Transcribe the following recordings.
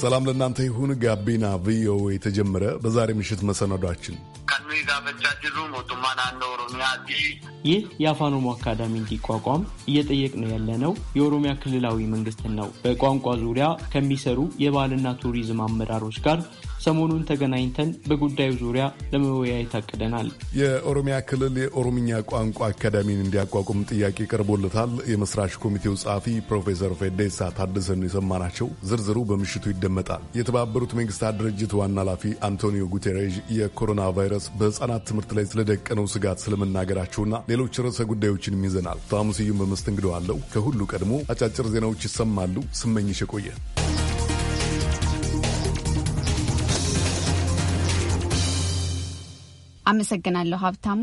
ሰላም ለእናንተ ይሁን። ጋቢና ቪኦኤ የተጀመረ በዛሬ ምሽት መሰናዷችን ይህ የአፋን ኦሮሞ አካዳሚ እንዲቋቋም እየጠየቅ ነው ያለነው የኦሮሚያ ክልላዊ መንግስትን ነው። በቋንቋ ዙሪያ ከሚሰሩ የባህልና ቱሪዝም አመራሮች ጋር ሰሞኑን ተገናኝተን በጉዳዩ ዙሪያ ለመወያየት አቅደናል። የኦሮሚያ ክልል የኦሮምኛ ቋንቋ አካዳሚን እንዲያቋቁም ጥያቄ ቀርቦለታል። የመስራች ኮሚቴው ጸሐፊ ፕሮፌሰር ፌዴሳ ታደሰን የሰማናቸው ዝርዝሩ በምሽቱ ይደመጣል። የተባበሩት መንግስታት ድርጅት ዋና ኃላፊ አንቶኒዮ ጉቴሬዥ የኮሮና ቫይረስ በህጻናት ትምህርት ላይ ስለደቀነው ስጋት ስለመናገራቸውና ሌሎች ርዕሰ ጉዳዮችንም ይዘናል። ታሙ በመስተንግዶ አለው። ከሁሉ ቀድሞ አጫጭር ዜናዎች ይሰማሉ። ስመኝሽ ቆየ አመሰግናለሁ ሀብታሙ።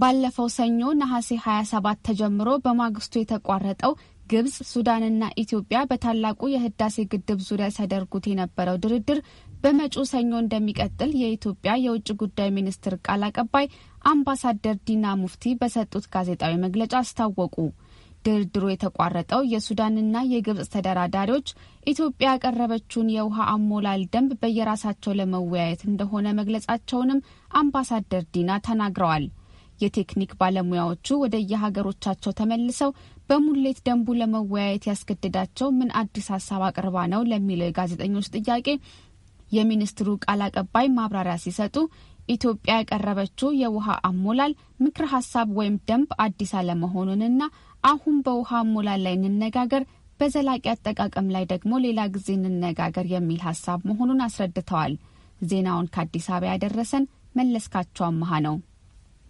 ባለፈው ሰኞ ነሐሴ 27 ተጀምሮ በማግስቱ የተቋረጠው ግብጽ፣ ሱዳንና ኢትዮጵያ በታላቁ የህዳሴ ግድብ ዙሪያ ሲያደርጉት የነበረው ድርድር በመጪው ሰኞ እንደሚቀጥል የኢትዮጵያ የውጭ ጉዳይ ሚኒስትር ቃል አቀባይ አምባሳደር ዲና ሙፍቲ በሰጡት ጋዜጣዊ መግለጫ አስታወቁ። ድርድሩ የተቋረጠው የሱዳንና የግብጽ ተደራዳሪዎች ኢትዮጵያ ያቀረበችውን የውሃ አሞላል ደንብ በየራሳቸው ለመወያየት እንደሆነ መግለጻቸውንም አምባሳደር ዲና ተናግረዋል። የቴክኒክ ባለሙያዎቹ ወደ የሀገሮቻቸው ተመልሰው በሙሌት ደንቡ ለመወያየት ያስገድዳቸው ምን አዲስ ሀሳብ አቅርባ ነው ለሚለው የጋዜጠኞች ጥያቄ የሚኒስትሩ ቃል አቀባይ ማብራሪያ ሲሰጡ ኢትዮጵያ ያቀረበችው የውሃ አሞላል ምክር ሀሳብ ወይም ደንብ አዲስ አለመሆኑንና አሁን በውሃ ሞላል ላይ እንነጋገር፣ በዘላቂ አጠቃቀም ላይ ደግሞ ሌላ ጊዜ እንነጋገር የሚል ሀሳብ መሆኑን አስረድተዋል። ዜናውን ከአዲስ አበባ ያደረሰን መለስካቸው አመሃ ነው።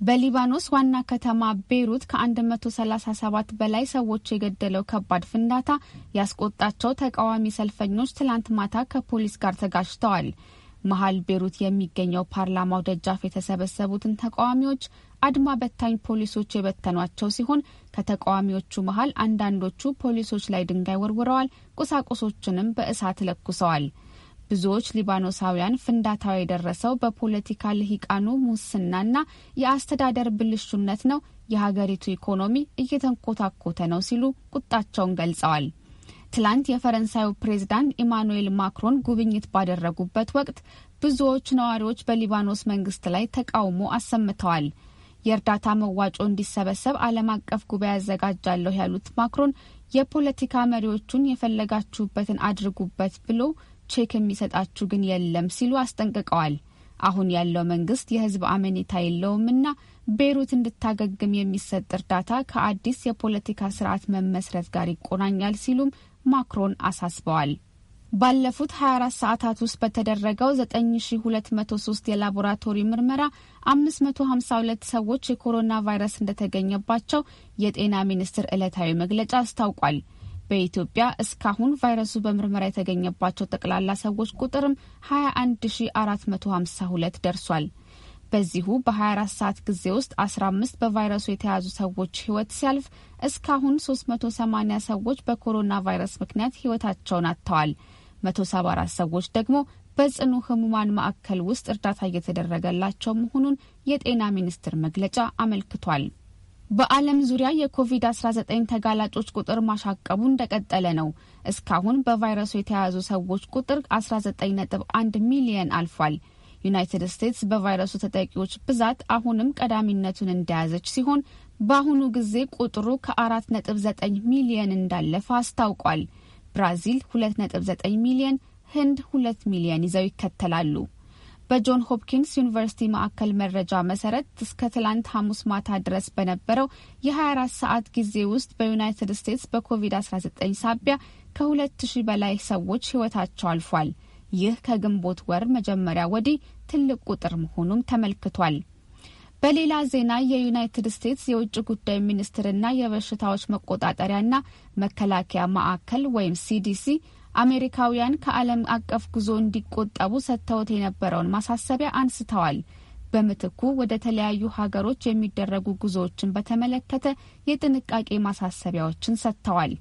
በሊባኖስ ዋና ከተማ ቤይሩት ከ137 በላይ ሰዎች የገደለው ከባድ ፍንዳታ ያስቆጣቸው ተቃዋሚ ሰልፈኞች ትላንት ማታ ከፖሊስ ጋር ተጋጭተዋል። መሀል ቤሩት የሚገኘው ፓርላማው ደጃፍ የተሰበሰቡትን ተቃዋሚዎች አድማ በታኝ ፖሊሶች የበተኗቸው ሲሆን ከተቃዋሚዎቹ መሀል አንዳንዶቹ ፖሊሶች ላይ ድንጋይ ወርውረዋል፣ ቁሳቁሶችንም በእሳት ለኩሰዋል። ብዙዎች ሊባኖሳውያን ፍንዳታው የደረሰው በፖለቲካ ልሂቃኑ ሙስናና የአስተዳደር ብልሹነት ነው፣ የሀገሪቱ ኢኮኖሚ እየተንኮታኮተ ነው ሲሉ ቁጣቸውን ገልጸዋል። ትላንት የፈረንሳዩ ፕሬዝዳንት ኢማኑኤል ማክሮን ጉብኝት ባደረጉበት ወቅት ብዙዎች ነዋሪዎች በሊባኖስ መንግስት ላይ ተቃውሞ አሰምተዋል። የእርዳታ መዋጮ እንዲሰበሰብ ዓለም አቀፍ ጉባኤ ያዘጋጃለሁ ያሉት ማክሮን የፖለቲካ መሪዎቹን የፈለጋችሁበትን አድርጉበት ብሎ ቼክ የሚሰጣችሁ ግን የለም ሲሉ አስጠንቅቀዋል። አሁን ያለው መንግስት የህዝብ አመኔታ የለውምና ቤይሩት እንድታገግም የሚሰጥ እርዳታ ከአዲስ የፖለቲካ ስርዓት መመስረት ጋር ይቆናኛል ሲሉም ማክሮን አሳስበዋል። ባለፉት 24 ሰዓታት ውስጥ በተደረገው 9203 የላቦራቶሪ ምርመራ 552 ሰዎች የኮሮና ቫይረስ እንደተገኘባቸው የጤና ሚኒስቴር ዕለታዊ መግለጫ አስታውቋል። በኢትዮጵያ እስካሁን ቫይረሱ በምርመራ የተገኘባቸው ጠቅላላ ሰዎች ቁጥርም 21452 ደርሷል። በዚሁ በ24 ሰዓት ጊዜ ውስጥ 15 በቫይረሱ የተያዙ ሰዎች ህይወት ሲያልፍ እስካሁን 380 ሰዎች በኮሮና ቫይረስ ምክንያት ህይወታቸውን አጥተዋል። 174 ሰዎች ደግሞ በጽኑ ህሙማን ማዕከል ውስጥ እርዳታ እየተደረገላቸው መሆኑን የጤና ሚኒስቴር መግለጫ አመልክቷል። በዓለም ዙሪያ የኮቪድ-19 ተጋላጮች ቁጥር ማሻቀቡ እንደቀጠለ ነው። እስካሁን በቫይረሱ የተያያዙ ሰዎች ቁጥር 19.1 ሚሊየን አልፏል። ዩናይትድ ስቴትስ በቫይረሱ ተጠቂዎች ብዛት አሁንም ቀዳሚነቱን እንደያዘች ሲሆን በአሁኑ ጊዜ ቁጥሩ ከ ነጥብ ሚሊየን እንዳለፈ አስታውቋል። ብራዚል 29 ሚሊየን፣ ህንድ ሁለት ሚሊየን ይዘው ይከተላሉ። በጆን ሆፕኪንስ ዩኒቨርሲቲ ማዕከል መረጃ መሰረት እስከ ትላንት ሐሙስ ማታ ድረስ በነበረው የ24 ሰዓት ጊዜ ውስጥ በዩናይትድ ስቴትስ በኮቪድ-19 ሳቢያ ከ 2000 በላይ ሰዎች ህይወታቸው አልፏል። ይህ ከግንቦት ወር መጀመሪያ ወዲህ ትልቅ ቁጥር መሆኑም ተመልክቷል። በሌላ ዜና የዩናይትድ ስቴትስ የውጭ ጉዳይ ሚኒስትርና የበሽታዎች መቆጣጠሪያና መከላከያ ማዕከል ወይም ሲዲሲ አሜሪካውያን ከዓለም አቀፍ ጉዞ እንዲቆጠቡ ሰጥተውት የነበረውን ማሳሰቢያ አንስተዋል። በምትኩ ወደ ተለያዩ ሀገሮች የሚደረጉ ጉዞዎችን በተመለከተ የጥንቃቄ ማሳሰቢያዎችን ሰጥተዋል።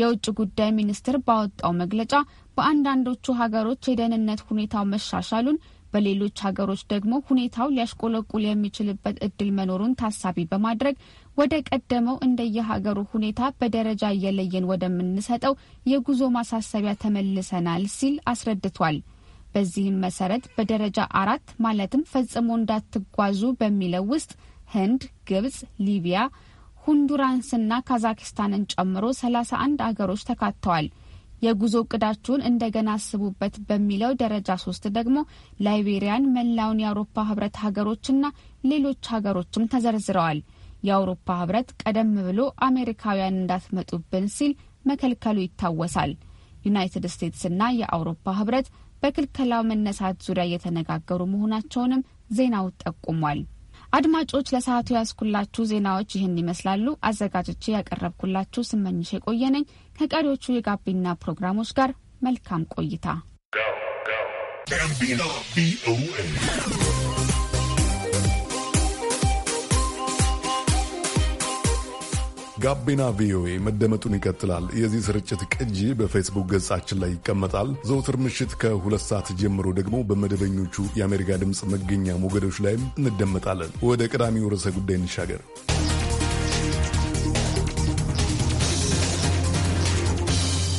የውጭ ጉዳይ ሚኒስቴር ባወጣው መግለጫ በአንዳንዶቹ ሀገሮች የደህንነት ሁኔታው መሻሻሉን በሌሎች ሀገሮች ደግሞ ሁኔታው ሊያሽቆለቁል የሚችልበት እድል መኖሩን ታሳቢ በማድረግ ወደ ቀደመው እንደየሀገሩ ሁኔታ በደረጃ እየለየን ወደምንሰጠው የጉዞ ማሳሰቢያ ተመልሰናል ሲል አስረድቷል። በዚህም መሰረት በደረጃ አራት ማለትም ፈጽሞ እንዳትጓዙ በሚለው ውስጥ ህንድ፣ ግብጽ፣ ሊቢያ፣ ሁንዱራንስና ካዛክስታንን ጨምሮ ሰላሳ አንድ አገሮች ተካተዋል። የጉዞ እቅዳችሁን እንደገና አስቡበት በሚለው ደረጃ ሶስት ደግሞ ላይቤሪያን፣ መላውን የአውሮፓ ህብረት ሀገሮችና ሌሎች ሀገሮችም ተዘርዝረዋል። የአውሮፓ ህብረት ቀደም ብሎ አሜሪካውያን እንዳትመጡብን ሲል መከልከሉ ይታወሳል። ዩናይትድ ስቴትስና የአውሮፓ ህብረት በክልከላው መነሳት ዙሪያ እየተነጋገሩ መሆናቸውንም ዜናው ጠቁሟል። አድማጮች ለሰዓቱ ያስኩላችሁ ዜናዎች ይህን ይመስላሉ። አዘጋጆቼ ያቀረብኩላችሁ ስመኝሽ ነኝ። ከቀሪዎቹ የጋቢና ፕሮግራሞች ጋር መልካም ቆይታ። ጋቢና ቪኦኤ መደመጡን ይቀጥላል። የዚህ ስርጭት ቅጂ በፌስቡክ ገጻችን ላይ ይቀመጣል። ዘውትር ምሽት ከሁለት ሰዓት ጀምሮ ደግሞ በመደበኞቹ የአሜሪካ ድምፅ መገኛ ሞገዶች ላይም እንደመጣለን። ወደ ቀዳሚው ርዕሰ ጉዳይ እንሻገር።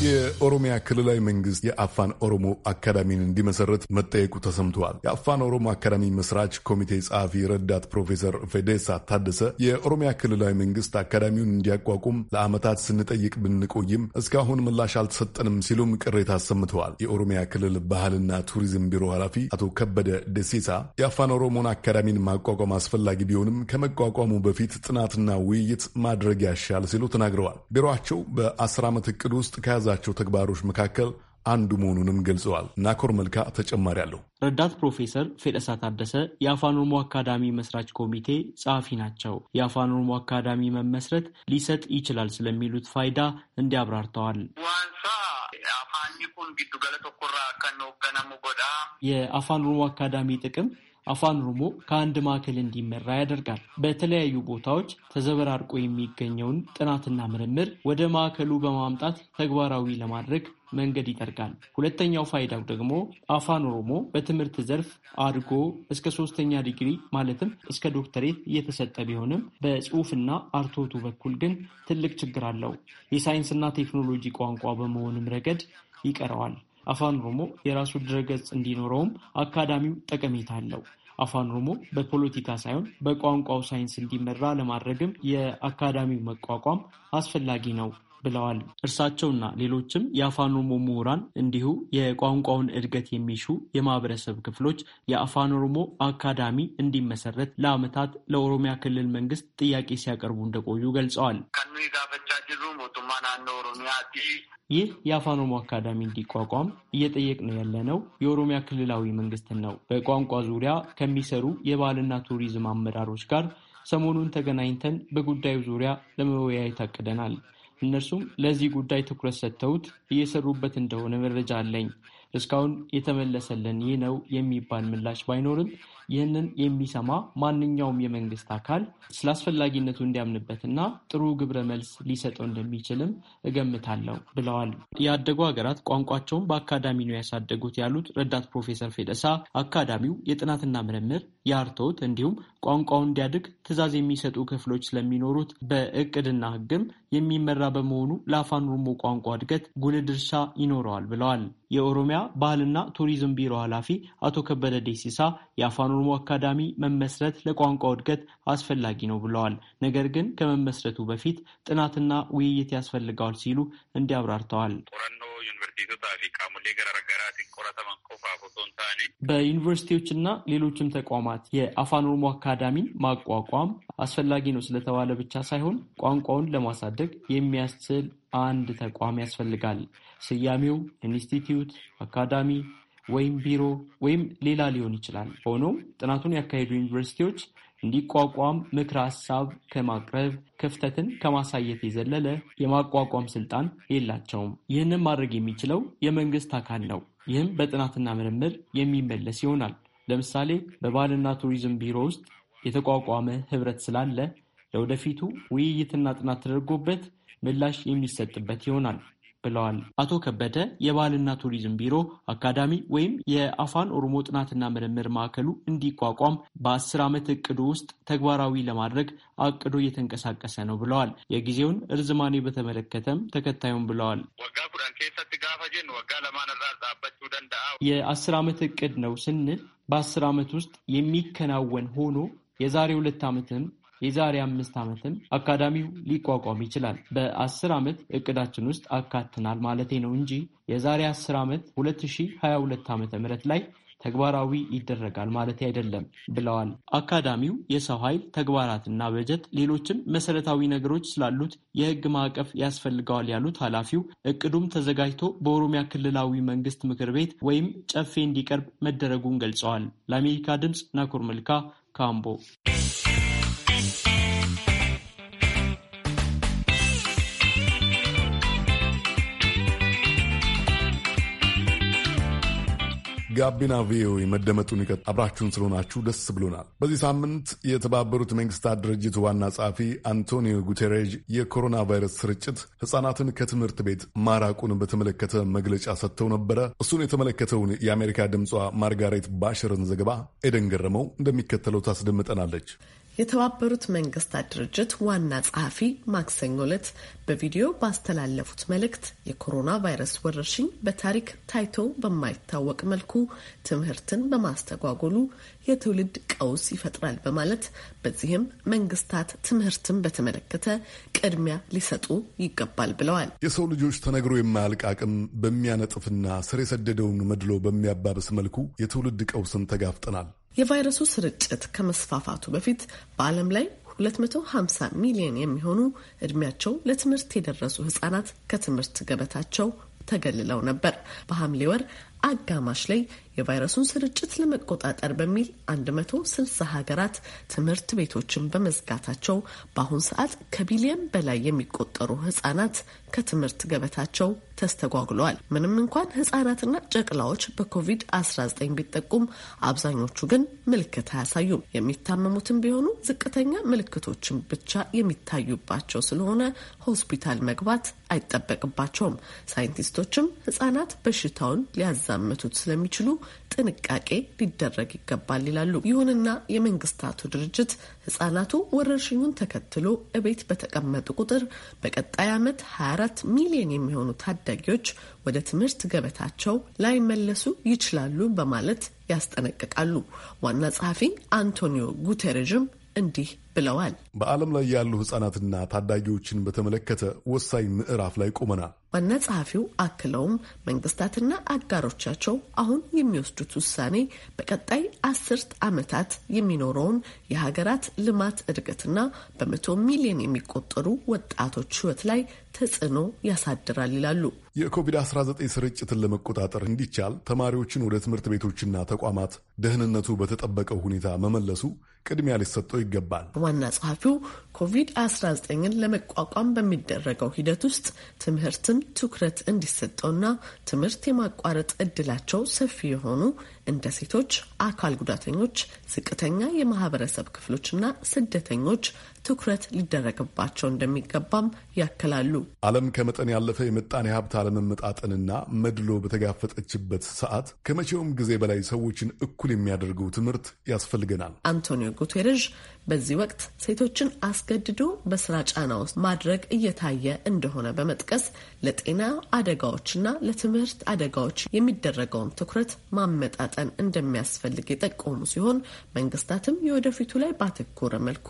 የኦሮሚያ ክልላዊ መንግስት የአፋን ኦሮሞ አካዳሚን እንዲመሰረት መጠየቁ ተሰምተዋል። የአፋን ኦሮሞ አካዳሚ መስራች ኮሚቴ ጸሐፊ ረዳት ፕሮፌሰር ፌዴሳ ታደሰ የኦሮሚያ ክልላዊ መንግስት አካዳሚውን እንዲያቋቁም ለዓመታት ስንጠይቅ ብንቆይም እስካሁን ምላሽ አልተሰጠንም ሲሉም ቅሬታ አሰምተዋል። የኦሮሚያ ክልል ባህልና ቱሪዝም ቢሮ ኃላፊ አቶ ከበደ ደሴሳ የአፋን ኦሮሞን አካዳሚን ማቋቋም አስፈላጊ ቢሆንም ከመቋቋሙ በፊት ጥናትና ውይይት ማድረግ ያሻል ሲሉ ተናግረዋል። ቢሮቸው በአስር ዓመት እቅድ ውስጥ ከያዘ ከያዛቸው ተግባሮች መካከል አንዱ መሆኑንም ገልጸዋል። ናኮር መልካ ተጨማሪ አለው። ረዳት ፕሮፌሰር ፌደሳ ታደሰ የአፋን ኦሮሞ አካዳሚ መስራች ኮሚቴ ጸሐፊ ናቸው። የአፋን ኦሮሞ አካዳሚ መመስረት ሊሰጥ ይችላል ስለሚሉት ፋይዳ እንዲህ አብራርተዋል። የአፋን ኦሮሞ አካዳሚ ጥቅም አፋን ኦሮሞ ከአንድ ማዕከል እንዲመራ ያደርጋል። በተለያዩ ቦታዎች ተዘበራርቆ የሚገኘውን ጥናትና ምርምር ወደ ማዕከሉ በማምጣት ተግባራዊ ለማድረግ መንገድ ይጠርጋል። ሁለተኛው ፋይዳው ደግሞ አፋን ኦሮሞ በትምህርት ዘርፍ አድጎ እስከ ሶስተኛ ዲግሪ ማለትም እስከ ዶክተሬት እየተሰጠ ቢሆንም በጽሁፍና አርቶቱ በኩል ግን ትልቅ ችግር አለው። የሳይንስና ቴክኖሎጂ ቋንቋ በመሆንም ረገድ ይቀረዋል። አፋን ኦሮሞ የራሱ ድረገጽ እንዲኖረውም አካዳሚው ጠቀሜታ አለው። አፋን ኦሮሞ በፖለቲካ ሳይሆን በቋንቋው ሳይንስ እንዲመራ ለማድረግም የአካዳሚው መቋቋም አስፈላጊ ነው ብለዋል። እርሳቸውና ሌሎችም የአፋን ኦሮሞ ምሁራን እንዲሁ የቋንቋውን እድገት የሚሹ የማህበረሰብ ክፍሎች የአፋን ኦሮሞ አካዳሚ እንዲመሰረት ለዓመታት ለኦሮሚያ ክልል መንግስት ጥያቄ ሲያቀርቡ እንደቆዩ ገልጸዋል። ይህ የአፋን ኦሮሞ አካዳሚ እንዲቋቋም እየጠየቅን ያለነው የኦሮሚያ ክልላዊ መንግስትን ነው። በቋንቋ ዙሪያ ከሚሰሩ የባህልና ቱሪዝም አመራሮች ጋር ሰሞኑን ተገናኝተን በጉዳዩ ዙሪያ ለመወያየት አቅደናል። እነርሱም ለዚህ ጉዳይ ትኩረት ሰጥተውት እየሰሩበት እንደሆነ መረጃ አለኝ። እስካሁን የተመለሰልን ይህ ነው የሚባል ምላሽ ባይኖርም ይህንን የሚሰማ ማንኛውም የመንግስት አካል ስለ አስፈላጊነቱ እንዲያምንበትና ጥሩ ግብረ መልስ ሊሰጠው እንደሚችልም እገምታለሁ ብለዋል። ያደጉ ሀገራት ቋንቋቸውን በአካዳሚ ነው ያሳደጉት ያሉት ረዳት ፕሮፌሰር ፌደሳ አካዳሚው የጥናትና ምርምር የአርቶት እንዲሁም ቋንቋው እንዲያድግ ትዕዛዝ የሚሰጡ ክፍሎች ስለሚኖሩት በእቅድና ህግም የሚመራ በመሆኑ ለአፋን ኦሮሞ ቋንቋ እድገት ጉልህ ድርሻ ይኖረዋል ብለዋል። የኦሮሚያ ባህልና ቱሪዝም ቢሮ ኃላፊ አቶ ከበደ ደሲሳ የአፋን ኦሮሞ አካዳሚ መመስረት ለቋንቋው እድገት አስፈላጊ ነው ብለዋል። ነገር ግን ከመመስረቱ በፊት ጥናትና ውይይት ያስፈልገዋል ሲሉ እንዲያብራርተዋል። በዩኒቨርሲቲዎችና ሌሎችም ተቋማት የአፋን ኦሮሞ አካዳሚን ማቋቋም አስፈላጊ ነው ስለተባለ ብቻ ሳይሆን ቋንቋውን ለማሳደግ የሚያስችል አንድ ተቋም ያስፈልጋል። ስያሜው ኢንስቲትዩት፣ አካዳሚ ወይም ቢሮ ወይም ሌላ ሊሆን ይችላል። ሆኖም ጥናቱን ያካሄዱ ዩኒቨርሲቲዎች እንዲቋቋም ምክር ሀሳብ ከማቅረብ ክፍተትን ከማሳየት የዘለለ የማቋቋም ስልጣን የላቸውም። ይህንን ማድረግ የሚችለው የመንግስት አካል ነው። ይህም በጥናትና ምርምር የሚመለስ ይሆናል። ለምሳሌ በባህልና ቱሪዝም ቢሮ ውስጥ የተቋቋመ ህብረት ስላለ ለወደፊቱ ውይይትና ጥናት ተደርጎበት ምላሽ የሚሰጥበት ይሆናል። ብለዋል። አቶ ከበደ የባህልና ቱሪዝም ቢሮ አካዳሚ ወይም የአፋን ኦሮሞ ጥናትና ምርምር ማዕከሉ እንዲቋቋም በአስር ዓመት እቅዱ ውስጥ ተግባራዊ ለማድረግ አቅዶ እየተንቀሳቀሰ ነው ብለዋል። የጊዜውን እርዝማኔ በተመለከተም ተከታዩም ብለዋል። የአስር ዓመት እቅድ ነው ስንል በአስር ዓመት ውስጥ የሚከናወን ሆኖ የዛሬ ሁለት ዓመትም የዛሬ አምስት ዓመትም አካዳሚው ሊቋቋም ይችላል። በአስር ዓመት እቅዳችን ውስጥ አካትናል ማለቴ ነው እንጂ የዛሬ አስር ዓመት 2022 ዓ ም ላይ ተግባራዊ ይደረጋል ማለት አይደለም ብለዋል። አካዳሚው የሰው ኃይል ተግባራትና በጀት፣ ሌሎችም መሰረታዊ ነገሮች ስላሉት የህግ ማዕቀፍ ያስፈልገዋል ያሉት ኃላፊው እቅዱም ተዘጋጅቶ በኦሮሚያ ክልላዊ መንግስት ምክር ቤት ወይም ጨፌ እንዲቀርብ መደረጉን ገልጸዋል። ለአሜሪካ ድምፅ ናኩር መልካ ካምቦ ጋቢና ቪኦኤ መደመጡን ይቀጥ አብራችሁን ስለሆናችሁ ደስ ብሎናል። በዚህ ሳምንት የተባበሩት መንግስታት ድርጅት ዋና ጸሐፊ አንቶኒዮ ጉቴሬዥ የኮሮና ቫይረስ ስርጭት ሕፃናትን ከትምህርት ቤት ማራቁን በተመለከተ መግለጫ ሰጥተው ነበረ። እሱን የተመለከተውን የአሜሪካ ድምጿ ማርጋሬት ባሽርን ዘገባ ኤደን ገረመው እንደሚከተለው ታስደምጠናለች። የተባበሩት መንግስታት ድርጅት ዋና ጸሐፊ ማክሰኞ ዕለት በቪዲዮ ባስተላለፉት መልእክት የኮሮና ቫይረስ ወረርሽኝ በታሪክ ታይቶ በማይታወቅ መልኩ ትምህርትን በማስተጓጎሉ የትውልድ ቀውስ ይፈጥራል በማለት በዚህም መንግስታት ትምህርትን በተመለከተ ቅድሚያ ሊሰጡ ይገባል ብለዋል። የሰው ልጆች ተነግሮ የማያልቅ አቅም በሚያነጥፍና ስር የሰደደውን መድሎ በሚያባብስ መልኩ የትውልድ ቀውስን ተጋፍጠናል። የቫይረሱ ስርጭት ከመስፋፋቱ በፊት በዓለም ላይ 250 ሚሊዮን የሚሆኑ እድሜያቸው ለትምህርት የደረሱ ህጻናት ከትምህርት ገበታቸው ተገልለው ነበር። በሐምሌ ወር አጋማሽ ላይ የቫይረሱን ስርጭት ለመቆጣጠር በሚል 160 ሀገራት ትምህርት ቤቶችን በመዝጋታቸው በአሁን ሰዓት ከቢሊየን በላይ የሚቆጠሩ ህጻናት ከትምህርት ገበታቸው ተስተጓጉለዋል። ምንም እንኳን ህጻናትና ጨቅላዎች በኮቪድ-19 ቢጠቁም አብዛኞቹ ግን ምልክት አያሳዩም። የሚታመሙትም ቢሆኑ ዝቅተኛ ምልክቶችን ብቻ የሚታዩባቸው ስለሆነ ሆስፒታል መግባት አይጠበቅባቸውም። ሳይንቲስቶችም ህጻናት በሽታውን ሊያዛምቱት ስለሚችሉ ጥንቃቄ ሊደረግ ይገባል ይላሉ። ይሁንና የመንግስታቱ ድርጅት ህጻናቱ ወረርሽኙን ተከትሎ እቤት በተቀመጡ ቁጥር በቀጣይ ዓመት 24 ሚሊዮን የሚሆኑ ታዳጊዎች ወደ ትምህርት ገበታቸው ላይመለሱ ይችላሉ በማለት ያስጠነቅቃሉ። ዋና ጸሐፊ አንቶኒዮ ጉቴሬዥም እንዲህ ብለዋል። በዓለም ላይ ያሉ ሕጻናትና ታዳጊዎችን በተመለከተ ወሳኝ ምዕራፍ ላይ ቆመናል። ዋና ጸሐፊው አክለውም መንግስታትና አጋሮቻቸው አሁን የሚወስዱት ውሳኔ በቀጣይ አስርት ዓመታት የሚኖረውን የሀገራት ልማት እድገትና በመቶ ሚሊዮን የሚቆጠሩ ወጣቶች ሕይወት ላይ ተጽዕኖ ያሳድራል ይላሉ። የኮቪድ-19 ስርጭትን ለመቆጣጠር እንዲቻል ተማሪዎችን ወደ ትምህርት ቤቶችና ተቋማት ደህንነቱ በተጠበቀው ሁኔታ መመለሱ ቅድሚያ ሊሰጠው ይገባል። ዋና ጸሐፊው ኮቪድ-19ን ለመቋቋም በሚደረገው ሂደት ውስጥ ትምህርትም ትኩረት እንዲሰጠውና ትምህርት የማቋረጥ እድላቸው ሰፊ የሆኑ እንደ ሴቶች፣ አካል ጉዳተኞች፣ ዝቅተኛ የማህበረሰብ ክፍሎችና ስደተኞች ትኩረት ሊደረግባቸው እንደሚገባም ያክላሉ። ዓለም ከመጠን ያለፈ የምጣኔ ሀብት አለመመጣጠንና መድሎ በተጋፈጠችበት ሰዓት ከመቼውም ጊዜ በላይ ሰዎችን እኩል የሚያደርገው ትምህርት ያስፈልገናል። አንቶኒዮ ጉቴሬዥ በዚህ ወቅት ሴቶችን አስገድዶ በስራ ጫና ውስጥ ማድረግ እየታየ እንደሆነ በመጥቀስ ለጤና አደጋዎችና ለትምህርት አደጋዎች የሚደረገውን ትኩረት ማመጣጠ መፋጠን እንደሚያስፈልግ የጠቆሙ ሲሆን መንግስታትም የወደፊቱ ላይ ባተኮረ መልኩ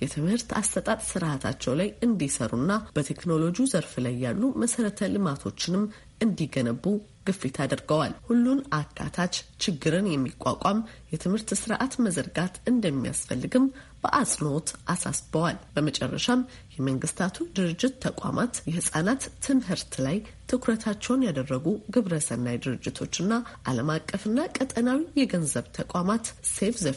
የትምህርት አሰጣጥ ስርዓታቸው ላይ እንዲሰሩና በቴክኖሎጂ ዘርፍ ላይ ያሉ መሰረተ ልማቶችንም እንዲገነቡ ግፊት አድርገዋል። ሁሉን አካታች ችግርን የሚቋቋም የትምህርት ስርዓት መዘርጋት እንደሚያስፈልግም በአጽንኦት አሳስበዋል። በመጨረሻም የመንግስታቱ ድርጅት ተቋማት የህጻናት ትምህርት ላይ ትኩረታቸውን ያደረጉ ግብረሰናይ ድርጅቶችና ዓለም አቀፍና ቀጠናዊ የገንዘብ ተቋማት ሴቭ ዘ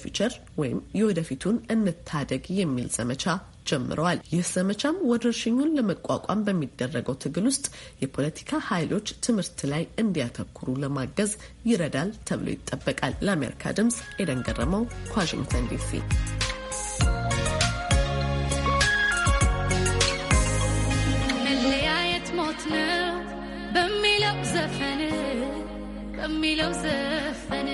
ወይም የወደፊቱን እንታደግ የሚል ዘመቻ ጀምረዋል። ይህ ዘመቻም ወረርሽኙን ለመቋቋም በሚደረገው ትግል ውስጥ የፖለቲካ ኃይሎች ትምህርት ላይ እንዲያተኩሩ ለማገዝ ይረዳል ተብሎ ይጠበቃል። ለአሜሪካ ድምፅ ኤደን ገረመው ከዋሽንግተን ዲሲ ከሚለው ዘፈን ከሚለው ዘፈን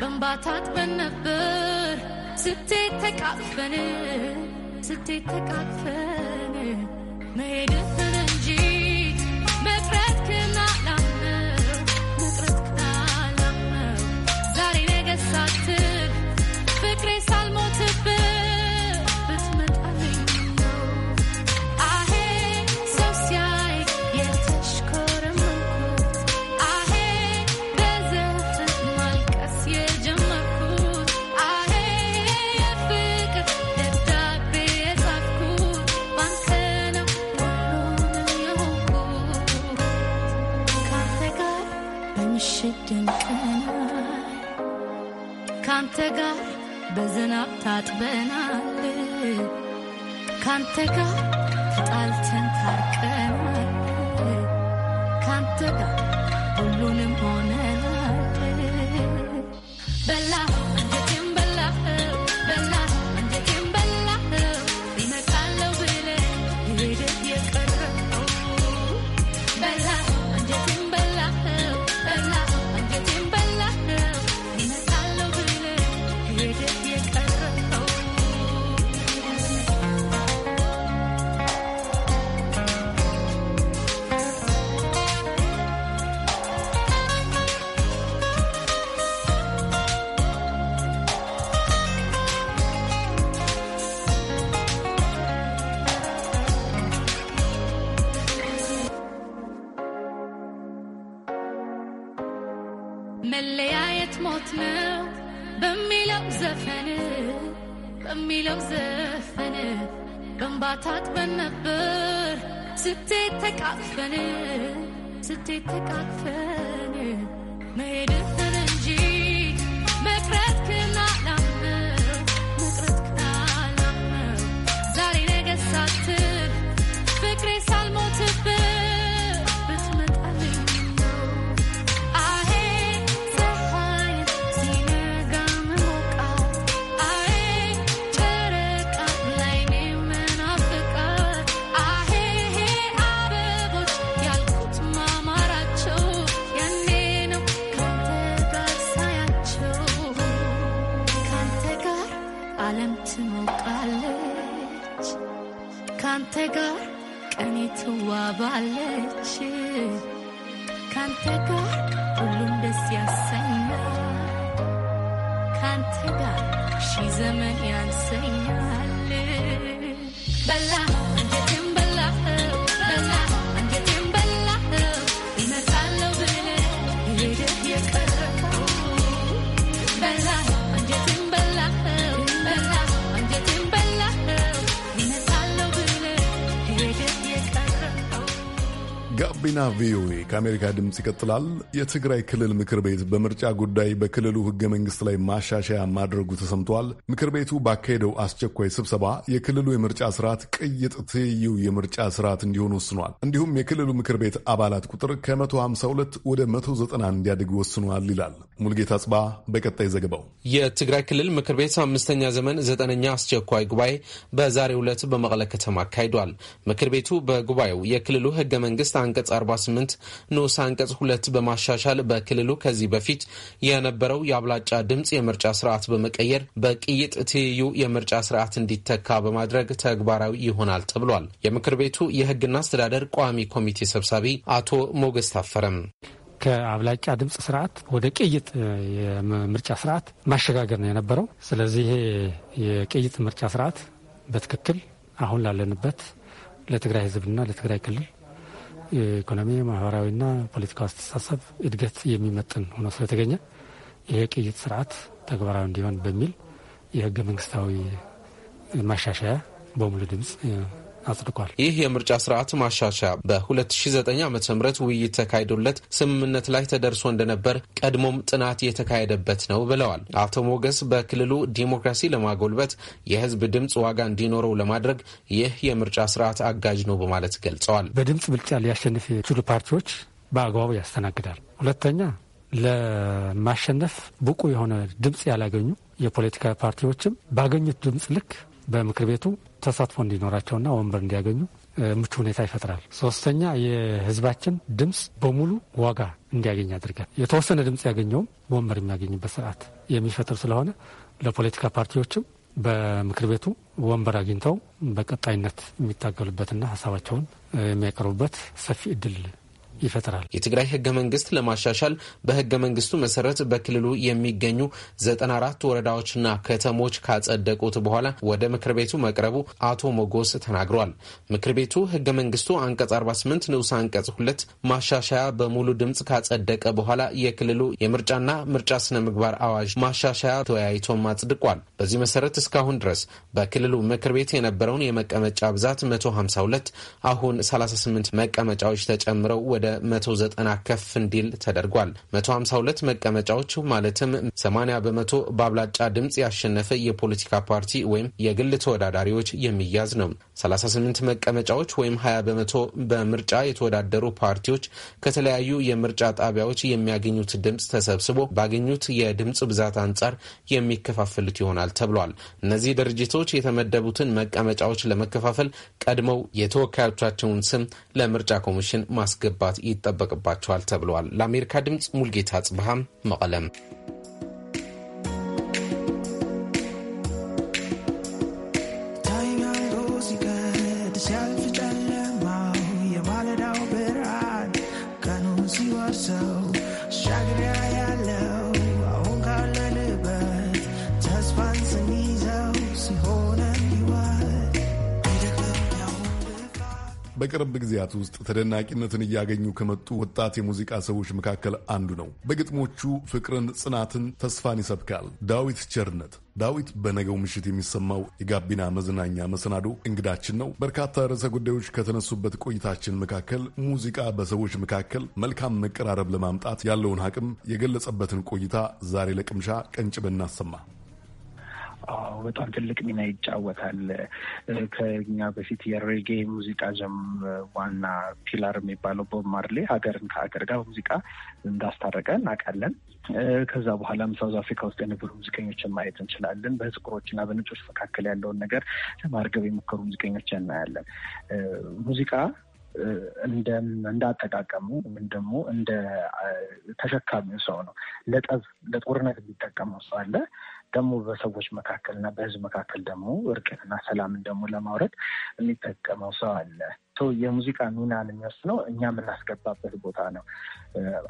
በንባታት በነበር ስቴ ተቃፈን ስቴ ተቃፈን መሄድን ያስደንቀናል። ካንተ ጋር በዝናብ ታጥበናል። ካንተ ጋር ተጣልተን ታርቀናል። ካንተ ጋር ሁሉንም ሆነ መለያየት ሞት ነው በሚለው ዘፈን በሚለው ዘፈን ግንባታት በነበር ስቴ ተቃፈን መሄድ ዓለም ትሞቃለች ካንተ ጋር ቀኔ ትዋባለች ካንተ ጋር ሁሉም ደስ ያሰኛል ካንተ ጋር ሺ ዘመን ያንሰኛል በላ ጋቢና ቪኦኤ ከአሜሪካ ድምፅ ይቀጥላል። የትግራይ ክልል ምክር ቤት በምርጫ ጉዳይ በክልሉ ህገ መንግስት ላይ ማሻሻያ ማድረጉ ተሰምቷል። ምክር ቤቱ ባካሄደው አስቸኳይ ስብሰባ የክልሉ የምርጫ ስርዓት ቅይጥ ትይዩ የምርጫ ስርዓት እንዲሆን ወስኗል። እንዲሁም የክልሉ ምክር ቤት አባላት ቁጥር ከ152 ወደ 190 እንዲያድግ ወስኗል ይላል ሙልጌታ ጽባ በቀጣይ ዘገባው። የትግራይ ክልል ምክር ቤት አምስተኛ ዘመን ዘጠነኛ አስቸኳይ ጉባኤ በዛሬው ዕለት በመቀለ ከተማ አካሂዷል። ምክር ቤቱ በጉባኤው የክልሉ ህገ መንግስት አንቀጽ አንቀጽ 48 ንዑስ አንቀጽ ሁለት በማሻሻል በክልሉ ከዚህ በፊት የነበረው የአብላጫ ድምፅ የምርጫ ስርዓት በመቀየር በቅይጥ ትይዩ የምርጫ ስርዓት እንዲተካ በማድረግ ተግባራዊ ይሆናል ተብሏል። የምክር ቤቱ የህግና አስተዳደር ቋሚ ኮሚቴ ሰብሳቢ አቶ ሞገስ ታፈረም ከአብላጫ ድምፅ ስርዓት ወደ ቅይጥ የምርጫ ስርዓት ማሸጋገር ነው የነበረው። ስለዚህ ይሄ የቅይጥ ምርጫ ስርዓት በትክክል አሁን ላለንበት ለትግራይ ህዝብና ለትግራይ ክልል የኢኮኖሚ ማህበራዊና ፖለቲካዊ አስተሳሰብ እድገት የሚመጥን ሆኖ ስለተገኘ ይሄ ቅይጥ ስርዓት ተግባራዊ እንዲሆን በሚል የህገ መንግስታዊ ማሻሻያ በሙሉ ድምፅ አጽድቋል። ይህ የምርጫ ስርዓት ማሻሻያ በ2009 ዓ ም ውይይት ተካሂዶለት ስምምነት ላይ ተደርሶ እንደነበር ቀድሞም ጥናት የተካሄደበት ነው ብለዋል አቶ ሞገስ። በክልሉ ዲሞክራሲ ለማጎልበት የህዝብ ድምፅ ዋጋ እንዲኖረው ለማድረግ ይህ የምርጫ ስርዓት አጋዥ ነው በማለት ገልጸዋል። በድምፅ ብልጫ ሊያሸንፍ የችሉ ፓርቲዎች በአግባቡ ያስተናግዳል። ሁለተኛ ለማሸነፍ ብቁ የሆነ ድምፅ ያላገኙ የፖለቲካ ፓርቲዎችም ባገኙት ድምፅ ልክ በምክር ቤቱ ተሳትፎ እንዲኖራቸውና ወንበር እንዲያገኙ ምቹ ሁኔታ ይፈጥራል። ሶስተኛ የህዝባችን ድምፅ በሙሉ ዋጋ እንዲያገኝ ያደርጋል። የተወሰነ ድምፅ ያገኘውም ወንበር የሚያገኝበት ስርዓት የሚፈጥር ስለሆነ ለፖለቲካ ፓርቲዎችም በምክር ቤቱ ወንበር አግኝተው በቀጣይነት የሚታገሉበትና ሀሳባቸውን የሚያቀርቡበት ሰፊ እድል ይፈጥራል። የትግራይ ህገ መንግስት ለማሻሻል በህገ መንግስቱ መሰረት በክልሉ የሚገኙ 94 ወረዳዎችና ከተሞች ካጸደቁት በኋላ ወደ ምክር ቤቱ መቅረቡ አቶ ሞጎስ ተናግሯል። ምክር ቤቱ ህገ መንግስቱ አንቀጽ 48 ንዑስ አንቀጽ ሁለት ማሻሻያ በሙሉ ድምፅ ካጸደቀ በኋላ የክልሉ የምርጫና ምርጫ ስነ ምግባር አዋጅ ማሻሻያ ተወያይቶም አጽድቋል። በዚህ መሰረት እስካሁን ድረስ በክልሉ ምክር ቤት የነበረውን የመቀመጫ ብዛት 152 አሁን 38 መቀመጫዎች ተጨምረው ወደ 190 ከፍ እንዲል ተደርጓል። 152 መቀመጫዎች ማለትም 80 በመቶ በአብላጫ ድምፅ ያሸነፈ የፖለቲካ ፓርቲ ወይም የግል ተወዳዳሪዎች የሚያዝ ነው። 38 መቀመጫዎች ወይም 20 በመቶ በምርጫ የተወዳደሩ ፓርቲዎች ከተለያዩ የምርጫ ጣቢያዎች የሚያገኙት ድምፅ ተሰብስቦ ባገኙት የድምፅ ብዛት አንጻር የሚከፋፍሉት ይሆናል ተብሏል። እነዚህ ድርጅቶች የተመደቡትን መቀመጫዎች ለመከፋፈል ቀድመው የተወካዮቻቸውን ስም ለምርጫ ኮሚሽን ማስገባት ይጠበቅባቸዋል ተብሏል። ለአሜሪካ ድምፅ ሙልጌታ ጽብሃም መቀለም በቅርብ ጊዜያት ውስጥ ተደናቂነትን እያገኙ ከመጡ ወጣት የሙዚቃ ሰዎች መካከል አንዱ ነው። በግጥሞቹ ፍቅርን፣ ጽናትን፣ ተስፋን ይሰብካል። ዳዊት ቸርነት ዳዊት በነገው ምሽት የሚሰማው የጋቢና መዝናኛ መሰናዶ እንግዳችን ነው። በርካታ ርዕሰ ጉዳዮች ከተነሱበት ቆይታችን መካከል ሙዚቃ በሰዎች መካከል መልካም መቀራረብ ለማምጣት ያለውን አቅም የገለጸበትን ቆይታ ዛሬ ለቅምሻ ቀንጭበ እናሰማ። አዎ በጣም ትልቅ ሚና ይጫወታል። ከኛ በፊት የሬጌ ሙዚቃ ጀም ዋና ፒላር የሚባለው ቦብ ማርሌ ሀገርን ከሀገር ጋር ሙዚቃ እንዳስታረቀ እናውቃለን። ከዛ በኋላም ሳውዝ አፍሪካ ውስጥ የነበሩ ሙዚቀኞችን ማየት እንችላለን። በጥቁሮች በነጮች መካከል ያለውን ነገር ለማርገብ የሞከሩ ሙዚቀኞች እናያለን። ሙዚቃ እንዳጠቃቀሙ ወይም ደግሞ እንደ ተሸካሚው ሰው ነው። ለጠብ ለጦርነት የሚጠቀመው ሰው አለ ደግሞ በሰዎች መካከል እና በህዝብ መካከል ደግሞ እርቅንና ሰላምን ደግሞ ለማውረድ የሚጠቀመው ሰው አለ። የሙዚቃ ሚናን የሚወስነው እኛ የምናስገባበት ቦታ ነው።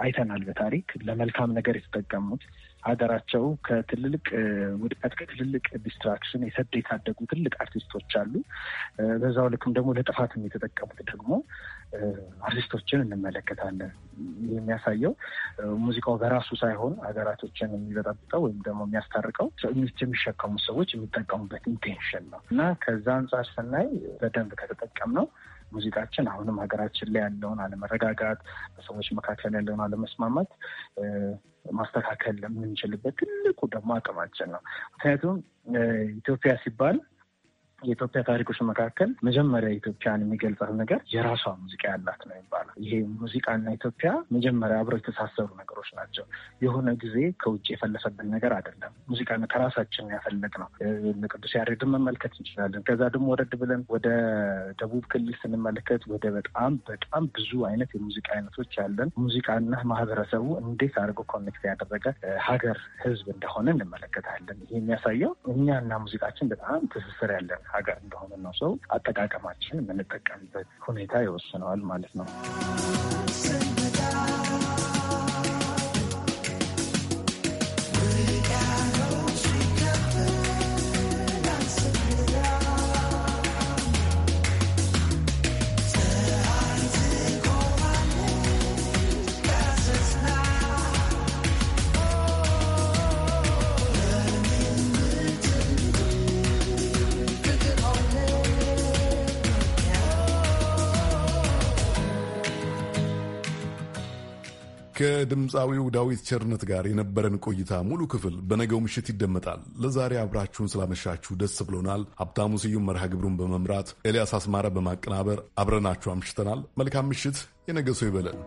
አይተናል በታሪክ ለመልካም ነገር የተጠቀሙት ሀገራቸው ከትልልቅ ውድቀት ከትልልቅ ዲስትራክሽን የሰደ የታደጉ ትልቅ አርቲስቶች አሉ። በዛው ልክም ደግሞ ለጥፋትም የተጠቀሙት ደግሞ አርቲስቶችን እንመለከታለን። ይህ የሚያሳየው ሙዚቃው በራሱ ሳይሆን ሀገራቶችን የሚበጠብጠው ወይም ደግሞ የሚያስታርቀው የሚሸከሙ ሰዎች የሚጠቀሙበት ኢንቴንሽን ነው እና ከዛ አንጻር ስናይ በደንብ ከተጠቀምነው ሙዚቃችን አሁንም ሀገራችን ላይ ያለውን አለመረጋጋት፣ በሰዎች መካከል ያለውን አለመስማማት ማስተካከል የምንችልበት ትልቁ ደግሞ አቅማችን ነው። ምክንያቱም ኢትዮጵያ ሲባል የኢትዮጵያ ታሪኮች መካከል መጀመሪያ ኢትዮጵያን የሚገልጻት ነገር የራሷ ሙዚቃ ያላት ነው ይባላል። ይሄ ሙዚቃና ኢትዮጵያ መጀመሪያ አብረው የተሳሰሩ ነገሮች ናቸው። የሆነ ጊዜ ከውጭ የፈለሰብን ነገር አይደለም። ሙዚቃ ከራሳችን ያፈለግ ነው። ቅዱስ ያሬድን መመልከት እንችላለን። ከዛ ደግሞ ወረድ ብለን ወደ ደቡብ ክልል ስንመለከት ወደ በጣም በጣም ብዙ አይነት የሙዚቃ አይነቶች ያለን ሙዚቃና ማህበረሰቡ እንዴት አድርገው ኮኔክት ያደረገ ሀገር ህዝብ እንደሆነ እንመለከታለን። ይህ የሚያሳየው እኛና ሙዚቃችን በጣም ትስስር ያለን ሀገር እንደሆነ ነው ሰው አጠቃቀማችን የምንጠቀምበት ሁኔታ ይወስነዋል ማለት ነው። ከድምፃዊው ዳዊት ቸርነት ጋር የነበረን ቆይታ ሙሉ ክፍል በነገው ምሽት ይደመጣል። ለዛሬ አብራችሁን ስላመሻችሁ ደስ ብሎናል። ሀብታሙ ስዩም መርሃ ግብሩን በመምራት ኤልያስ አስማረ በማቀናበር አብረናችሁ አምሽተናል። መልካም ምሽት። የነገ ሰው ይበለን።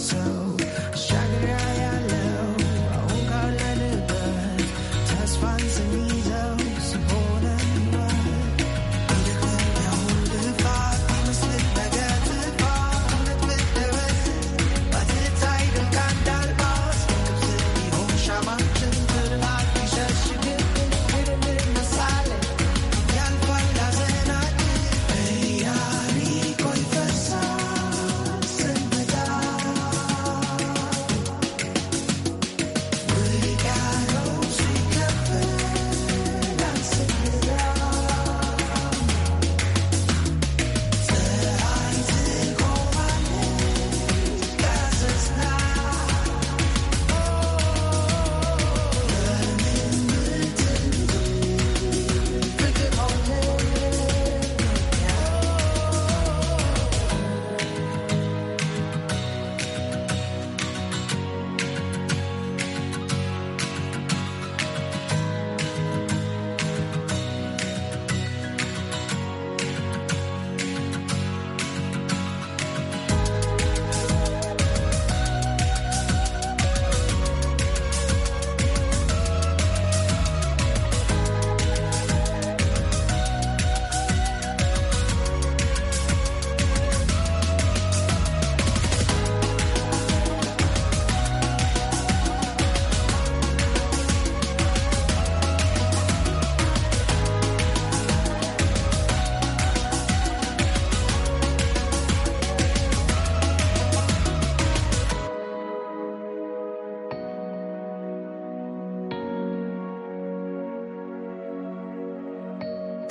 yourself.